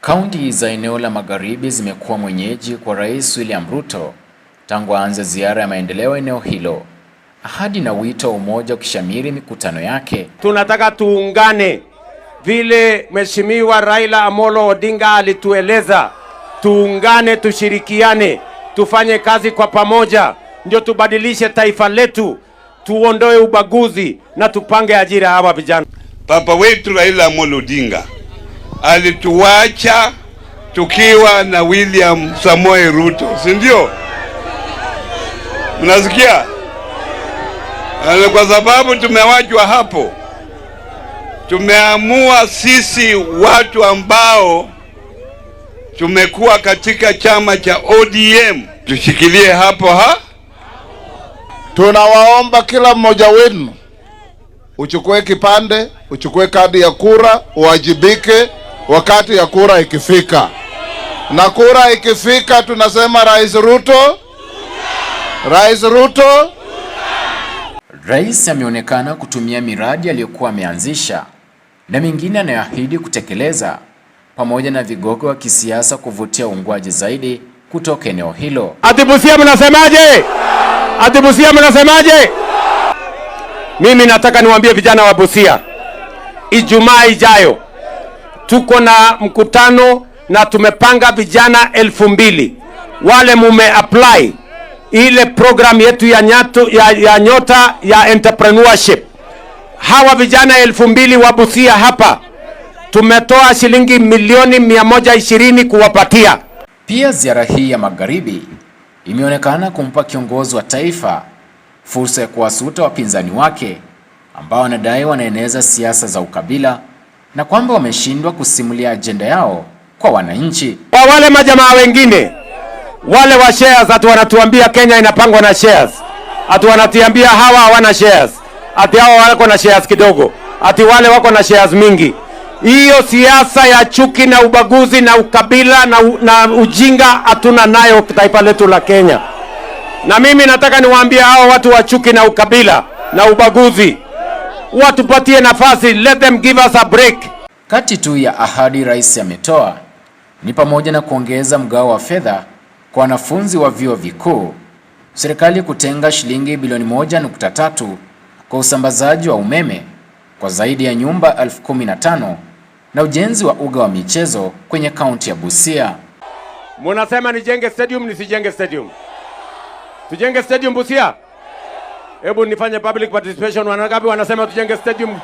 Kaunti za eneo la magharibi zimekuwa mwenyeji kwa Rais William Ruto tangu aanze ziara ya maendeleo eneo hilo, ahadi na wito wa umoja ukishamiri mikutano yake. Tunataka tuungane vile Mheshimiwa Raila Amolo Odinga alitueleza, tuungane, tushirikiane, tufanye kazi kwa pamoja, ndio tubadilishe taifa letu, tuondoe ubaguzi na tupange ajira hawa vijana. Papa wetu Raila Amolo Odinga alituacha tukiwa na William Samoei Ruto, si ndio? Mnasikia? Kwa sababu tumewachwa hapo, tumeamua sisi watu ambao tumekuwa katika chama cha ODM tushikilie hapo ha. Tunawaomba kila mmoja wenu uchukue kipande, uchukue kadi ya kura, uwajibike wakati ya kura ikifika. Na kura ikifika, tunasema Rais Ruto, Rais Ruto. Rais ameonekana kutumia miradi aliyokuwa ameanzisha na mingine anayoahidi kutekeleza pamoja na vigogo wa kisiasa kuvutia uungwaji zaidi kutoka eneo hilo. Ati Busia mnasemaje? Ati Busia mnasemaje? Mimi nataka niwaambie vijana wa Busia, Ijumaa ijayo tuko na mkutano na tumepanga vijana elfu mbili wale mume apply ile program yetu ya, nyatu, ya, ya nyota ya entrepreneurship. Hawa vijana elfu mbili wa Busia hapa tumetoa shilingi milioni 120 kuwapatia. Pia ziara hii ya magharibi imeonekana kumpa kiongozi wa taifa fursa ya kuwasuta wapinzani wake ambao wanadai wanaeneza siasa za ukabila na kwamba wameshindwa kusimulia ajenda yao kwa wananchi. Kwa wale majamaa wengine wale wa shares, hatu wanatuambia Kenya inapangwa na shares, hatu wanatuambia hawa hawana shares, ati hawa wako na shares kidogo, ati wale wako na shares mingi. Hiyo siasa ya chuki na ubaguzi na ukabila na, na ujinga hatuna nayo taifa letu la Kenya, na mimi nataka niwaambie hao watu wa chuki na ukabila na ubaguzi watupatie nafasi, let them give us a break. Kati tu ya ahadi rais ametoa ni pamoja na kuongeza mgao wa fedha kwa wanafunzi wa vyuo vikuu, serikali kutenga shilingi bilioni 1.3 kwa usambazaji wa umeme kwa zaidi ya nyumba elfu na na ujenzi wa uga wa michezo kwenye kaunti ya Busia. Munasema nijenge stadium nisijenge stadium? Tujenge stadium Busia? Hebu nifanye public participation. Wanagapi wanasema tujenge stadium?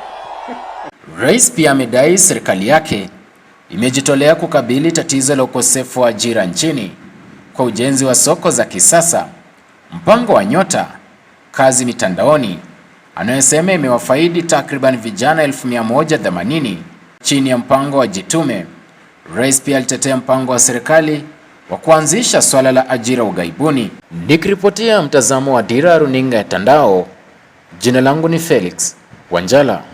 Rais pia amedai serikali yake imejitolea kukabili tatizo la ukosefu wa ajira nchini kwa ujenzi wa soko za kisasa, mpango wa Nyota kazi mitandaoni anayosema imewafaidi takriban vijana 1180 chini ya mpango wa Jitume. Rais pia alitetea mpango wa serikali wa kuanzisha swala la ajira ughaibuni. Nikiripotia mtazamo wa Dira Runinga ya Tandao, jina langu ni Felix Wanjala.